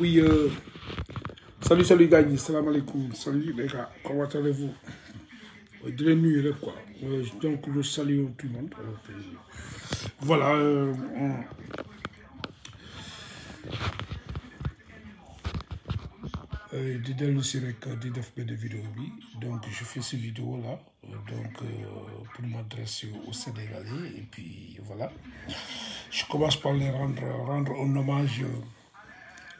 Oui, euh, salut, salut, Gagne, salam alaikum, salut les gars, comment allez-vous euh, De la quoi. donc, le salut tout le monde. Voilà. Euh, euh le vidéo donc je fais cette vidéo là donc pour m'adresser au Sénégalais et puis voilà je commence par les rendre rendre un hommage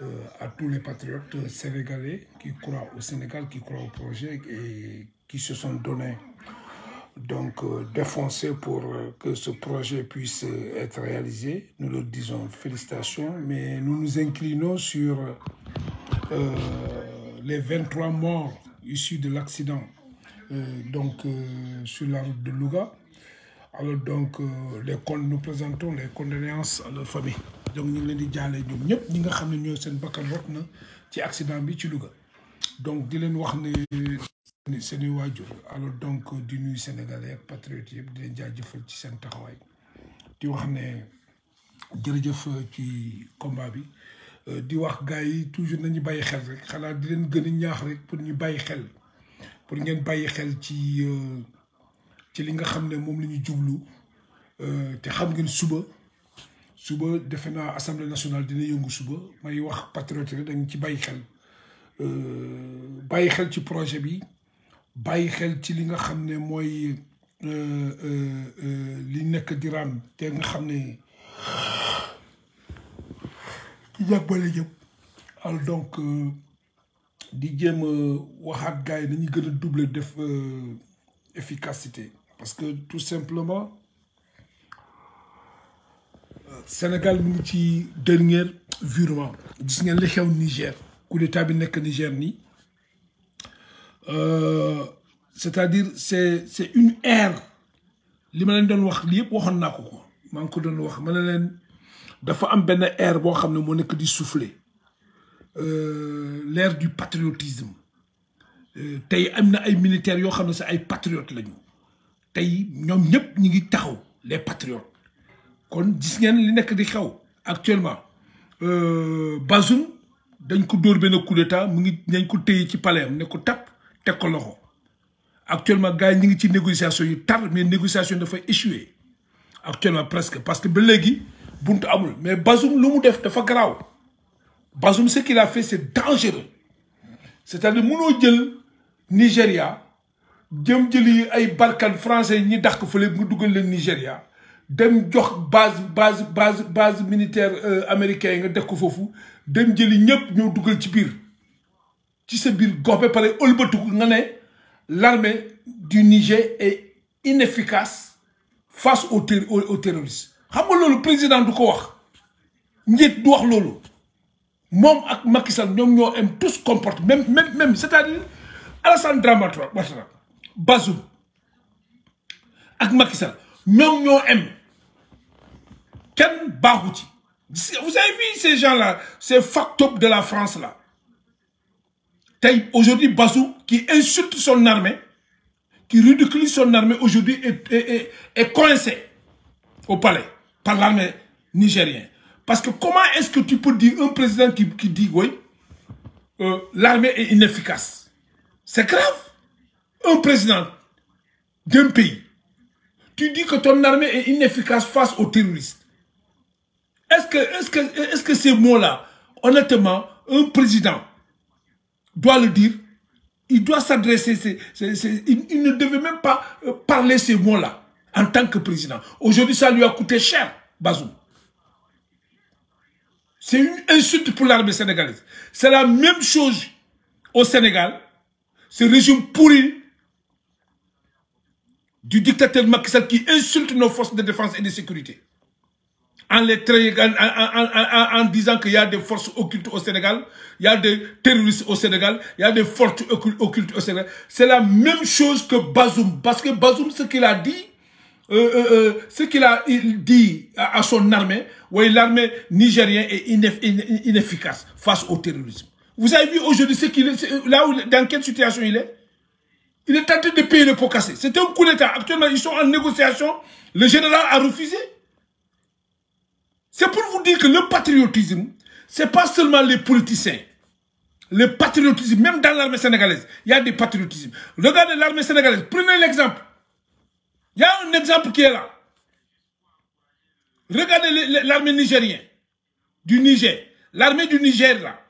euh, à tous les patriotes sénégalais qui croient au Sénégal, qui croient au projet et qui se sont donnés donc euh, pour euh, que ce projet puisse être réalisé. Nous leur disons félicitations, mais nous nous inclinons sur les 23 morts issus de l'accident donc sur la route de Louga. Alors donc nous présentons les condoléances à la famille. donc ñu ngi leen di jaalee ñoom ñëpp ñi nga xam ne ñoo seen bakkan rot na ci accident bi ci Louga donc di leen wax ne seeni waajur alors donc di nuyu sénégalais ak patriotes yëpp di leen jaajëfal ci seen taxawaay di wax ne jërëjëf ci combat bi euh, di wax gars yi toujours nañu bàyyi xel rek xanaa di leen gën a ñaax rek pour ñu bàyyi xel pour ngeen bàyyi xel ci euh, ci li nga xam ne moom la ñu jublu euh, te xam ngeen suba suba defena à assemblée nationale dina yëngu suba may wax patriote dañ ci xel euh, xel ci projet bi xel ci li nga euh, euh, li di ran nga donc di dañuy doubler efficacité parce que tout simplement Sénégal mu ngi ci dernier virement gis ngeen li xew Niger coup d'état bi nek Niger euh c'est-à-dire c'est c'est une ère li ma len doon wax li yëpp waxon naa ko ko maa ko doon wax ma len dafa am ben ère bo xam mo nek di souffler euh, l'ère du patriotisme euh, tay amna ay militaires yo xam ne ay patriotes lañu tay ñom ñep ñi ngi taxaw les patriotes kon gis ngeen li nek di xew actuellement euh, Bazoum dañ ko dóor benn coup d'état mu ngi dañ ko téye ci palais am ne ko tap teg ko loxo actuellement gaay ñi ngi ci négociation yu tar mais négociation dafay échoué actuellement presque parce que ba léegi buntu amul mais Bazoum lu mu def dafa graw Bazoum ce qu'il a fait c'est dangereux c'est-à-dire no jël nigeria jëm jëli ay Balkan français ñi dax ko fële nga dugal leen Nigeria dem jox base base base base militaire euh, américain nga def fofu dem jëli ñëpp ñoo duggal ci biir ci sa biir gox paré pare nga né l'armée du Niger est inefficace face au au terroristes xam nga lolu président du ko wax ñet du wax lolu mom ak Macky Sall ñoo am tous comporte même même même c'est-à-dire Alassane Dramane Ouattara ak Macky Sall ñoom ñoo am. Ken Vous avez vu ces gens-là, ces factops de la France-là. Aujourd'hui, Bazou, qui insulte son armée, qui ridicule son armée, aujourd'hui est, coincé au palais par l'armée nigérienne. Parce que comment est-ce que tu peux dire un président qui, dit, oui, euh, l'armée est inefficace C'est grave. Un président d'un pays, tu dis que ton armée est inefficace face aux terroristes. Est-ce que, est que, est-ce que ces mots-là, honnêtement, un président doit le dire Il doit s'adresser, il, ne devait même pas euh, parler ces mots-là en tant que président. Aujourd'hui, ça lui a coûté cher, Bazoum. C'est une insulte pour l'armée sénégalaise. C'est la même chose au Sénégal. Ce régime pourri du dictateur Macky Sall qui insulte nos forces de défense et de sécurité en, les en, en, disant qu'il y a des forces occultes au Sénégal, il y a des terroristes au Sénégal, il y a des forces occultes au Sénégal. C'est la même chose que Bazoum. Parce que Bazoum, ce qu'il a dit, euh, euh, euh ce qu'il a dit à, son armée, oui, l'armée nigérienne est inefficace face au terrorisme. Vous avez vu aujourd'hui ce qu'il euh, là dans quelle situation il est Il est tenté de payer le pot cassé. C'était un coup d'État. Actuellement, ils sont en négociation. Le général a refusé. C'est pour vous dire que le patriotisme, c'est pas seulement les politiciens. Le patriotisme, même dans l'armée sénégalaise, il y a des patriotismes. Regardez l'armée sénégalaise, prenez l'exemple. Il y a un exemple qui est là. Regardez l'armée nigérienne, du Niger. L'armée du Niger, là.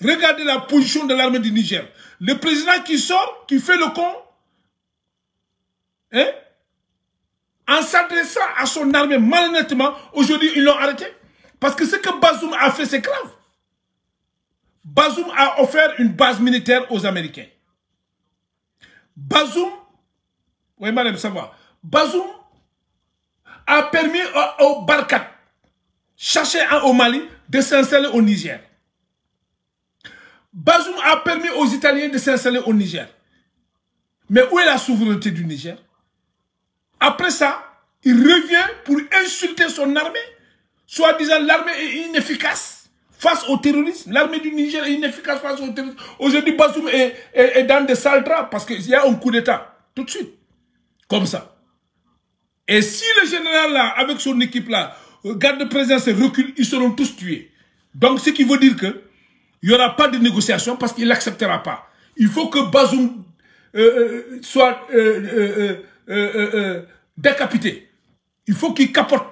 Regardez la position de l'armée du Niger. Le président qui sort, qui fait le con, hein, en s'adressant à son armée malhonnêtement, aujourd'hui ils l'ont arrêté. Parce que ce que Bazoum a fait, c'est grave. Bazoum a offert une base militaire aux Américains. Bazoum, oui madame, ça va. Bazoum a permis aux, Barkat, cherchés au Mali, de s'installer au Niger. Bazoum a permis aux Italiens de s'installer au Niger. Mais où est la souveraineté du Niger après ça, il revient pour insulter son armée, soit disant l'armée est inefficace face au terrorisme. L'armée du Niger est inefficace face au terrorisme. Aujourd'hui, Bazoum est, dans des sales draps parce qu'il y a un coup d'État. Tout de suite. Comme ça. Et si le général là, avec son équipe là, garde de présence et recule, ils seront tous tués. Donc, ce qui veut dire que il n'y aura pas de négociation parce qu'il n'acceptera pas. Il faut que Bazoum euh, euh, soit... Euh, euh, euh, euh, décapité. Il faut qu'il capote.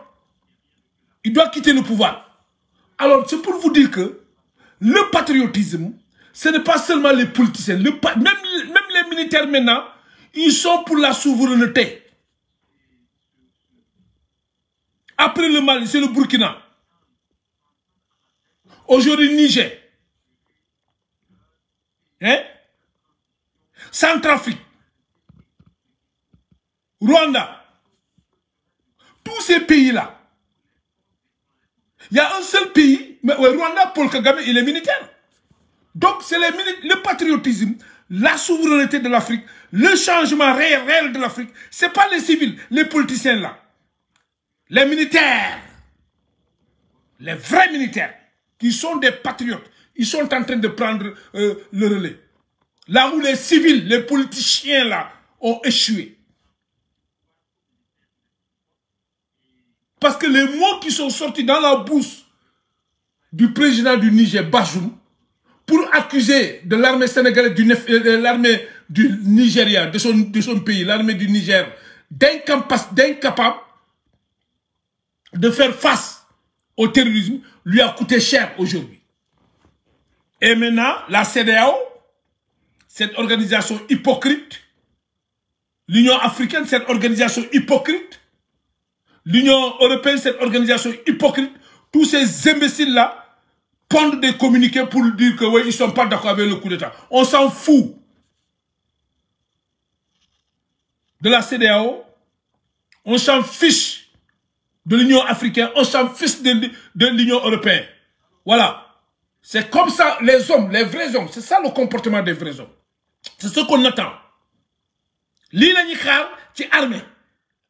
Il doit quitter le pouvoir. Alors, c'est pour vous dire que le patriotisme, ce n'est pas seulement les politiciens. même, même les militaires maintenant, ils sont pour la souveraineté. Après le Mali, c'est le Burkina. Aujourd'hui, Niger. Hein? Centrafrique. Rwanda, tous ces pays-là, il y a un seul pays, mais Rwanda, Paul Kagame, il est militaire. Donc c'est le patriotisme, la souveraineté de l'Afrique, le changement réel, de l'Afrique. Ce pas les civils, les politiciens là. Les militaires, les vrais militaires, qui sont des patriotes, ils sont en train de prendre euh, le relais. Là où les civils, les politiciens là, ont échoué. Parce que les mots qui sont sortis dans la bouche du président du Niger, Bajou, pour accuser de l'armée sénégalaise, de euh, euh, l'armée du Nigeria, de son, de son pays, l'armée du Niger, d'incapable de faire face au terrorisme, lui a coûté cher aujourd'hui. Et maintenant, la CDAO, cette organisation hypocrite, l'Union africaine, cette organisation hypocrite, l'Union européenne, cette organisation hypocrite, tous ces imbéciles-là pondent des communiqués pour dire que ils ne sont pas d'accord avec le coup d'État. On s'en fout de la CDAO, on s'en fiche de l'Union africaine, on s'en fiche de, l'Union européenne. Voilà. C'est comme ça, les hommes, les vrais hommes, c'est ça le comportement des vrais hommes. C'est ce qu'on attend. L'île qui armée.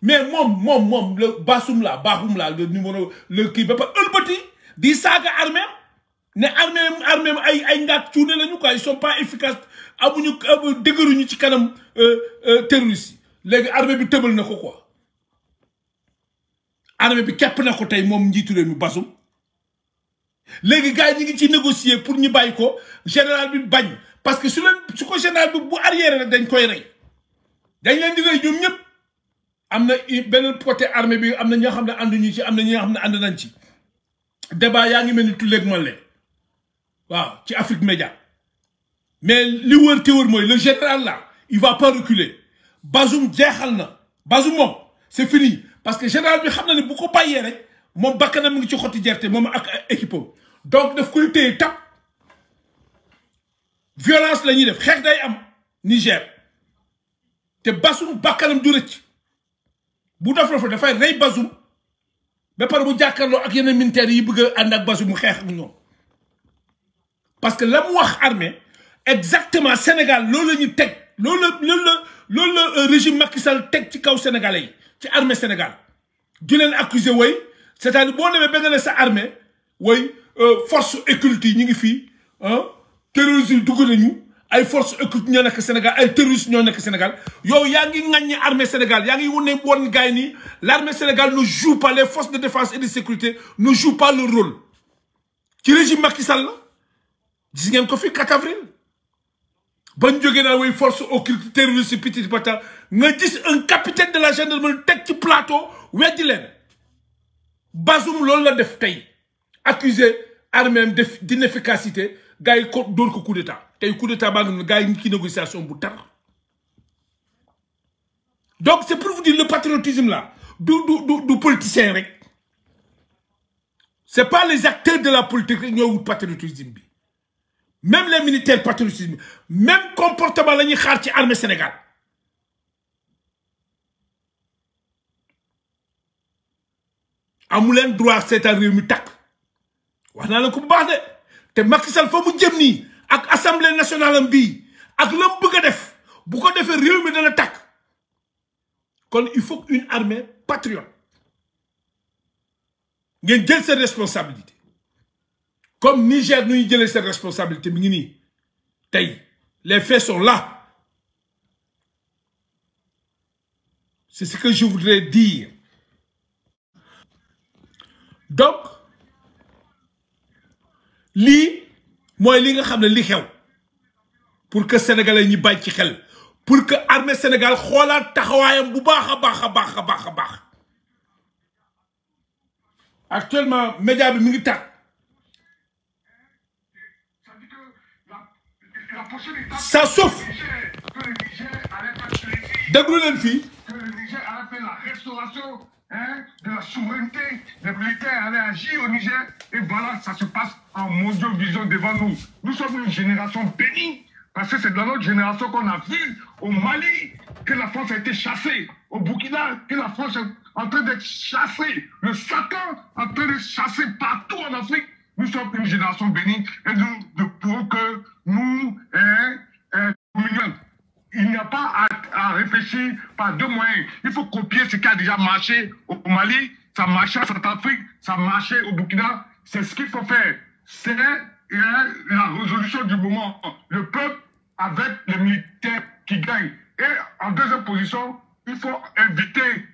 mais moi, mon mon le basum la le numéro le qui pas un petit di saga armée ne armée armée ay ay les ils sont pas efficaces pour dëgëruñu les kanam Les armes les armée bi na quoi armée bi na ko les les basum les gars ils ngi négocier pour ñu général bi parce que su le su ko général bi bu arrière dañ koy dañ leen amna na beneen côté armée bi amna ñi ñoo xam ne ànduñu ci amna ñi nga xam ne nañ ci débat yaa ngi mel ni tulleeg waaw ci Afrique Média mais li wër te wër le général là il va pas reculer Bazoum jeexal na Bazoum moom c'est fini parce que général bi xam na bu ko payé rek mom bakana mu ngi ci xoti gerte mom ak équipe donc daf koy téy tap violence la ñuy def xex day am Niger te Bazoum bakkanam du recc bu def loolu dafay Ray basum ba pare bu jàkkaarloo ak yeneen militaires yi bëgg a ànd ak basum mu xeex ak ñoom parce que la mu wax armée exactement Sénégal loolu la ñu teg loolu la loolu euh, régime Macky Sall teg ci kaw sénégalais yi ci armée Sénégal di leen accuser woy c'est-à-dire boo demee ba nga sa armée woy euh, force occulte yi ñu ngi fii hein, terrorisme dugg nañu ay force occulte ñoo nekk Sénégal ay terroristes ñoo nekk Sénégal yow yaa ngi ŋàññi armée Sénégal yaa ngi wone bon gars yi nii l'armée Sénégal ne joue pas les forces de défense et de sécurité ne joue pas le rôle ci régime Macky Sall gis ngeen ko fi 4 avril ban jógee na way force occulte terroriste petit bata nga gis un capitaine de la gendarmerie tek ci plateau weddi leen Bazoum lool la def tay accusé armée d'inefficacité gars yi ko dóor ko coup d'état tay coup de tabac nous noonu négociation bu tar donc c'est pour vous dire le patriotisme là du du du du politicien rek c'est pas les acteurs de la politique ont eu le patriotisme même les militaires patriotisme même comportement lañu l'armée xaar ci armée Sénégal amulen droit droit à réew mi tak wax la ko bu baax de te jëm ni ak l'Assemblée nationale en vie. ak lam bëgg a def bu ko l'attaque. réew il faut une armée patriote ngeen jël une responsabilité comme Niger nous y ses responsabilité les faits sont là c'est ce que je voudrais dire donc Lui. moy li nga xamne li xew pour que sénégalais ñi bañ ci xel pour que armée Sénégal xolaat taxawayam bu baaxa baaxa baaxa baaxa baax actuellement média bi mi ngi tàkk ça sauf déglu leen fii. la souveraineté Les militaires allaient agir au Niger. Et voilà, ça se passe en mondial vision devant nous. Nous sommes une génération bénie, parce que c'est dans notre génération qu'on a vu au Mali que la France a été chassée, au Burkina que la France est en train d'être chassée, le Satan en train de chasser partout en Afrique. Nous sommes une génération bénie et nous ne pouvons que nous réfléchir par deux moyens. Il faut copier ce qui a déjà marché au Mali, ça marchait en Centrafrique, ça marchait au Burkina. C'est ce qu'il faut faire. C'est la résolution du moment. Le peuple avec les militaires qui gagnent. Et en deuxième position, il faut inviter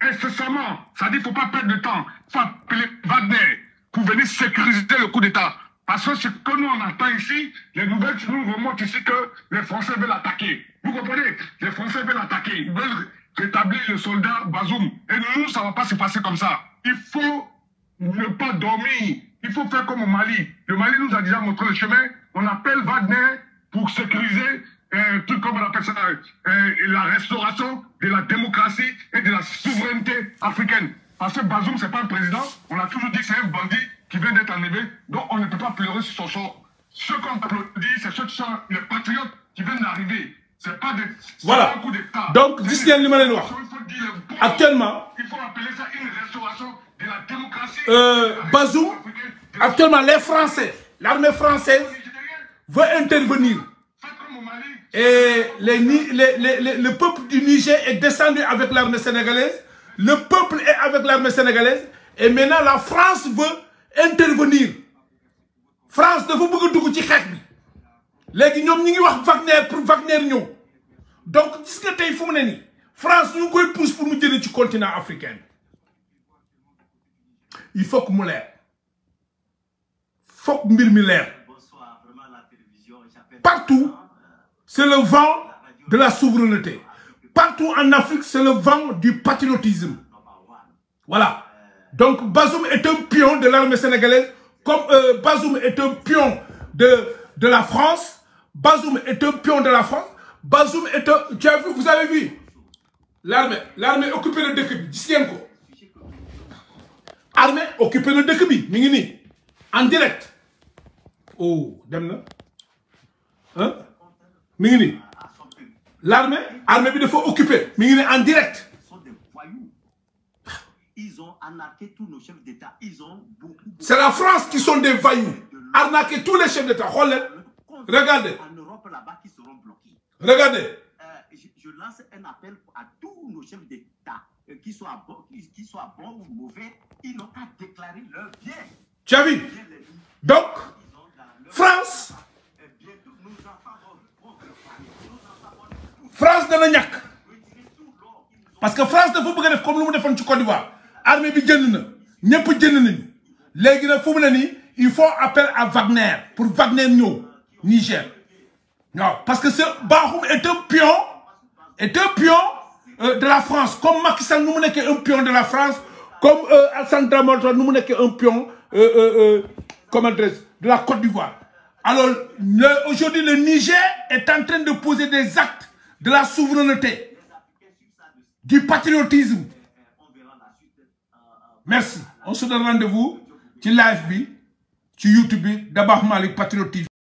incessamment, ça dit qu'il ne faut pas perdre de temps, il faut appeler Wagner pour venir sécuriser le coup d'État. Parce que ce que nous on entend ici, les nouvelles nous remontent ici que les Français veulent attaquer. Vous comprenez Les Français veulent attaquer. Ils veulent rétablir le soldat Bazoum. Et nous, ça ne va pas se passer comme ça. Il faut ne pas dormir. Il faut faire comme au Mali. Le Mali nous a déjà montré le chemin. On appelle Wagner pour sécuriser, un truc comme on appelle ça, la restauration de la démocratie et de la souveraineté africaine. Parce que Bazoum, ce n'est pas un président. On a toujours dit que c'est un bandit qui vient d'être enlevé, donc on ne peut pas pleurer sur son sort. Ceux qu'on applaudit, c'est ceux qui sont les patriotes qui viennent d'arriver. C'est pas des. Voilà. un coup donc, Christian Limanenoir, actuellement. Il faut appeler ça une restauration de la démocratie. Euh, Bazou, actuellement, les Français, l'armée française veut intervenir. Et les, le peuple du Niger est descendu avec l'armée sénégalaise. Le peuple est avec l'armée sénégalaise. Et maintenant, la France veut intervenir France ne veut pas que tu te bi léegi ñi Wagner pour Wagner donc gis nga tey fu France nous koy pousse pour nous tirer du continent africain il faut que Il Il que mbir mi leer partout c'est le vent de la souveraineté partout en Afrique c'est le vent du patriotisme voilà donc Bazoum est un pion de l'armée sénégalaise, comme euh, Bazoum est un pion de, la France. Bazoum est un pion de la France. Bazoum est un... Tu as vu, vous avez vu L'armée, l'armée occupée le décubi. encore, Armée occupée le décubi. Mingini, en direct. Oh, demna. Hein Mingini. L'armée, armée, il faut occuper, Mingini, en direct. Ils ont arnaqué tous nos chefs d'État. Ils ont beaucoup. C'est la France qui sont des vaillants. Arnaqué tous les chefs d'État. Regardez. En Europe là-bas qui seront bloqués. Regardez. Euh, je, lance un appel à tous nos chefs d'État, euh, qu'ils soient, bons ou mauvais, ils n'ont qu'à déclarer leur bien. Tu as vu Donc, France. Euh, France de l'Aignac. parce que France ne vous pas def comme nous faire defoon ci Côte d'Ivoire armée bi jënd na ñëpp jënd nañu ils font il faut appel à Wagner pour Wagner Niger non parce que ce Bahoum est un pion est un pion euh, de la France comme Macky Sall nous sommes un pion de la France comme euh, Al Sandra nous nu est un pion euh, de la Côte d'Ivoire alors aujourd'hui le Niger est en train de poser des actes de la souveraineté du patriotisme merci on se donne rendez-vous sur live sur YouTube d'abord Dabakh Patriot